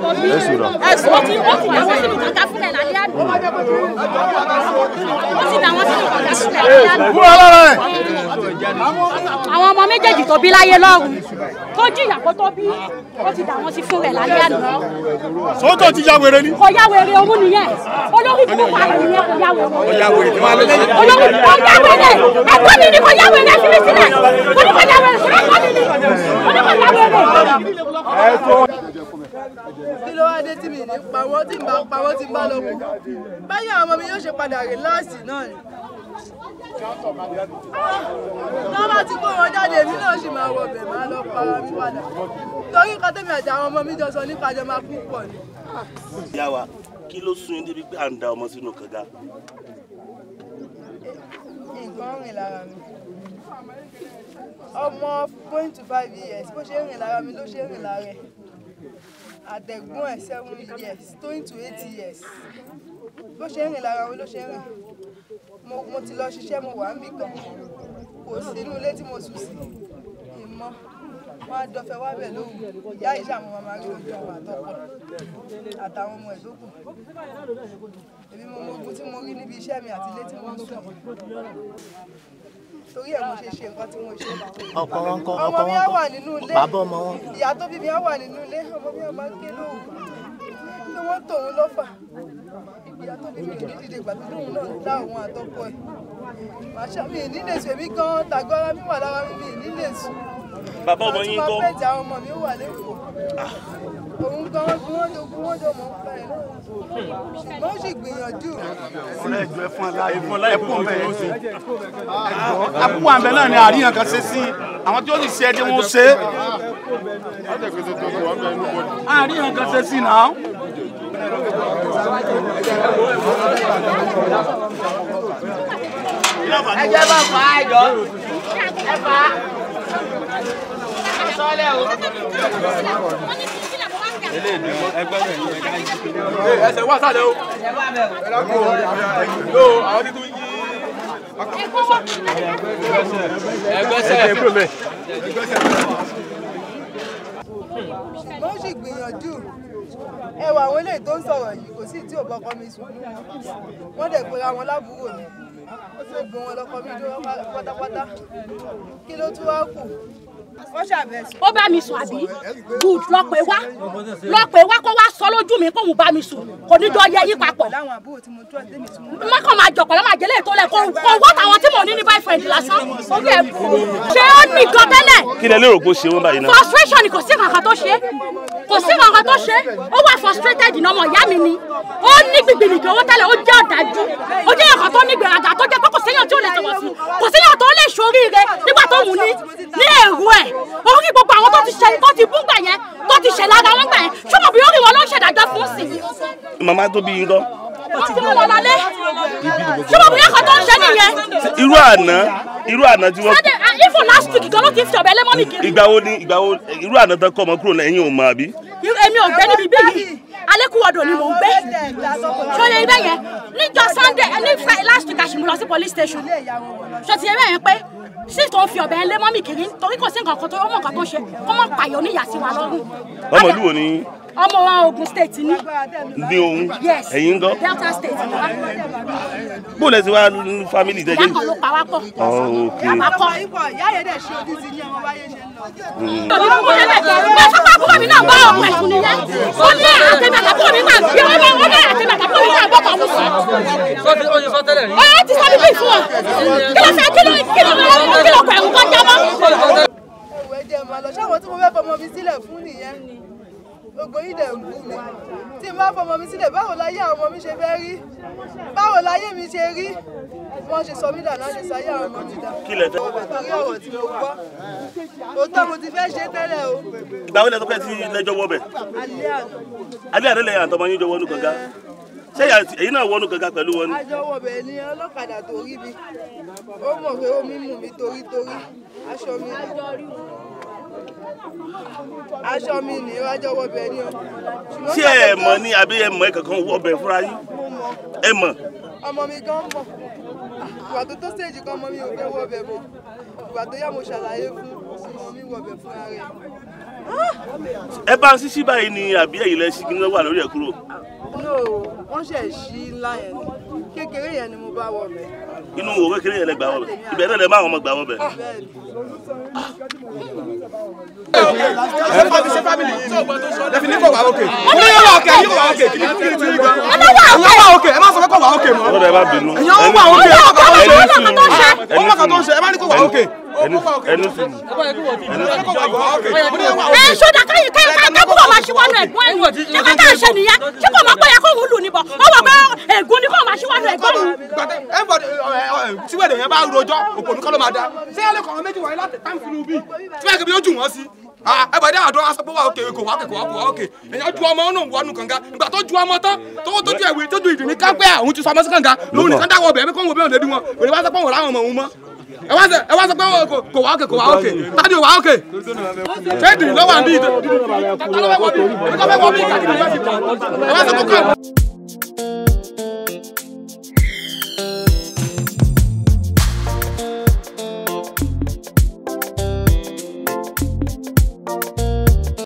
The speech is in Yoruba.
ẹ̀sùn ó ti ó ti dàwọn sínú kàkà sílẹ̀ lálẹ́ àná. ó ti dàwọn sínú kàkà sílẹ̀ lálẹ́ àná. fún ọlọ́rọ̀ rẹ̀. àwọn ọmọ méjèèjì tó bí láyé lọ́rùn tó jìyà kó tó bí ó ti dàwọn sí fún rẹ̀ lálẹ́ àná. sọ́tọ̀ ti ya wèrè ni. kò ya wèrè òun nìyẹn olórí púpọ̀ àrùn nìyẹn kò ya wèrè. kò ya wèrè tí wọ́n á lè ṣe. olórí kò ya wèrè ẹ̀kọ́ mi ni kò ya wèrè fi mi sílẹ̀ kò ní kò ya wèrè ẹ̀kọ́ mi ni kò ní kò ya wèrè kí ló wá dé tí mi ní pawọ́ tí n bá pawọ́ tí n bá lọ kú báyọ̀ àwọn ọmọ mi yóò ṣe padà rè láàsì náà ni. tó bá ti kó wọn jáde èmi náà sì máa wọ bẹ̀ máa lọ para mi padà torí nǹkan tẹ̀mí àti àwọn ọmọ mi jọ sọ nípa jọ máa kú pọ̀ ni. ìyá wa kí ló sún yín débi pé à ń da ọmọ sínú kànga. nǹkan rìn lára mi ọmọ point two five years bó ṣe rìn lára mi ló ṣe rìn lára ẹ̀ àtẹ̀gbọ́n ẹ̀ seven years going to eight years bó ṣe ń rìn lára wọn ló ṣe ń rìn mo ti lọ ṣiṣẹ́ mo wà níbì kan kò sínú ilé tí mo sùn sí ìmọ̀ wọn á dọfẹ wá bẹ̀ lóhùn ìyá ìṣe àwọn ọmọ arí ojú ọmọ àtọkọ àtàwọn ọmọ ìdókù èmi mo mọ ogun tí mo rí níbi iṣẹ́ mi àti ilé tí mo ń sùn torí ẹ̀ mo ṣe ṣe nǹkan tí mo ṣe báwọn. ọkọ wọn kọ ọkọ wọn kọ bàbá ọmọ wọn. ìyá tó bí mi á wà nínú ilé ọmọ mi á máa ké lóògùn wọ́n tòun lọ́fà ìyá tó bí mi ò dìde ìgbà tó náà dá òun àtọkọ ẹ̀ màṣá mi ì nílé sùn èmi gan-an tàgọ́ra mi wà lára mi mi nílé sùn bàbá ọmọ yín kọ́. àtúbọ̀ ọmọ mi wà lẹ́kọ̀ọ́ òun gan wọn jọ gún wọn jọ mọ nípa ẹ gbìyànjú. ọ̀rẹ́ ẹ̀jọ̀ ẹ̀fọn aláì ẹ̀fọn aláì ẹ̀kọ́ bẹ̀ ẹ̀jọ̀ àbúrò àbẹ̀ náà ni àríyàn kan ṣe sí àwọn tí ó sì ṣe ẹdí wọn ṣe. àríyàn kan ṣe sí náà. ẹ jẹ́ bá fa ẹ̀jọ̀ ẹ fa ẹsẹ̀ sì gbìyànjú ẹwà àwọn eléyìí tó ń sọ̀rọ̀ yìí kò sí tí ò bọ́kọ mi sùn wọ́n dẹ̀ pera wọn lábúrò mi ó sì gún wọn lọ́kọ mi dúró pátápátá kí ló tún wá kù ó bá mi sùn àbí good lọ pé wá lọ pé wá kó wá sọ lójú mi kóun bá mi sùn kò ní jọ yẹ yí papọ̀ mọ́kàn máa jọ̀kọ̀ lọ́mọ àjẹlẹ̀ tó lẹ̀ kó wọ́ tàwọn tí mò ń ní ní boyfriend lásán ó bẹ̀ kú ṣé ó ní gan tẹ́lẹ̀ kí lẹ lérò kó ṣe wọn báyìí náà frustration kò sí kankan tó ṣe kò sí kankan tó ṣe ó wà frustrated ní ọmọ ìyá mi ni ó ní gbìgbìlì gan owó tẹ́lẹ̀ ó jẹ́ ọ̀dájú ó jẹ́ ọ̀kan tó ní gbèrágà tó jẹ́ pé kò séyàn tí ò lè tọwọ́ sí kò séyàn tó lè ṣorí màmá tó bí nǹkan. ṣé bóyá kan tó ń ṣe nìyẹn. irú àná irú àná tí wọ́n. sẹ́dẹ̀ ifo uh, last week gan ló ti fi ọ̀bẹ lẹ́mọ́nì kiri. ìgbà wo ni ìgbà wo irú àná tán kọ́ ọmọ kúrò lẹ́yìn òun mọ̀ àbí. èmi ò gbé níbi bíi alekuwado ni mò ń gbé ṣòye ibẹ yẹn níjọ́ sunday uh, ní last week àṣìmù lọ sí police station ṣòtì ẹbẹ yẹn pé sí tó ń fi ọ̀bẹ lé mọ́mì kiri torí kò sí nǹkan kan tó ń ṣe kó mọ̀ ọmọ wa Ògùn state ni. ní òun ẹ̀yin gan. Delta state ni wa. ti wá family dẹjẹ. ìyá kan ló pa wá pọ̀. Ah, ok yàrá kọ. ìyá yẹn dẹ̀ ṣe ojú ti ní ọmọ báyé ṣe ń lọ. tòbí ló kún lẹ́lẹ̀ bá a sọ pé àbúrò mi ọmọ ẹ̀kún nìyẹn. ó ní àtẹ̀bàtà fún mi náà gbé wọn lọ́wọ́ náà àtẹ̀bàtà fún mi náà bọ́ kọ́ fún mi. ti sọ bíbí fún ọ kí ló fẹ́ kí ló kí ló kí ló pẹ̀lú kọjá mọ́. ẹ̀wẹ̀ jẹ́ màá lọ ṣáwọn tí mo fẹ́ fọmọ mi sílẹ̀ fún nìyẹn ni ògbó yìí dẹ̀ ń bú mi tí n bá fọmọ mi sílẹ̀ báwo láyé àwọn ọmọ mi ṣe fẹ́ rí báwo láyé mi ṣe rí wọ́n ṣe sọ mí dà náà ṣe sáyé àwọn ọmọ mi dà. kí lẹ tẹ. torí ọ̀rọ̀ tí mo gbọ́ òótọ́ mo ti fẹ́ ṣe tẹ́lẹ̀ o. ìgbà wo lẹ tó fẹ́ ti lẹ́jọ́ wọ bẹ̀. alẹ́ àná. alẹ́ àná lẹ́yìn àtọmọ yín jọ wọnú gànga ṣé èyí náà wọnú gànga pẹ̀lú wọn. àjọwọ̀ bẹ̀ ni ọlọ́kadà aṣọ mi ni wájú ọwọ́ bẹ ni o. ṣé ẹ mọ̀ ni àbí ẹ mọ̀ ẹ kankan fúnra yín ẹ mọ̀. ọmọ mi gan mọ̀ ìgbà tó tó stage kan ọmọ mi ò fẹ́ wọ ọbẹ̀ ìgbà tó yá mo ṣàlàyé fún ọmọ mi wọ fúnra rẹ̀. ẹ bá ń ṣíṣí báyìí ni àbí ẹ̀yìn lẹ ṣí kí wà lórí ẹ̀ kúrò. no wọ́n ṣẹ̀ ṣí ńlá yẹn ni kékeré yẹn ni mo bá wọ ọbẹ̀ inú wo kékeré yẹn lẹ gbà wọbẹ ibẹ náà lẹ má wọn gbà wọbẹ. ọlọ́wọ́ àwòkẹ́ ẹ má sọ pé kọ̀ wá òkè mọ́. wà òkè ẹ ṣọdá káyì káyì kákúrò máa ṣíwájú ẹ̀gbọ́n ẹ̀ nígbà tá a ṣe nìyẹn tí kò mọ̀ pé ẹ kóhun lù níbọ̀ ó wọ̀ pé ègún ni kò máa ṣíwájú ẹ̀gbọ́n òun. Eh, eh, tí wẹ́ẹ̀dẹ̀ yẹn bá rojọ́ òpònú kọ́ ló máa da ṣé ẹ lè kọ̀ ọ́ méjì wáyé láti táǹkì nù bí ẹ wá sọ ẹ wá sọ pé oh, kò wá òkè kò wá òkè tani ò wá òkè ṣéèdì lọ́wọ́ àbí ìdè tani lọ́wọ́ àbí ìdè tani lọ́wọ́ àbí ìdè ẹ wá sọ pé kò.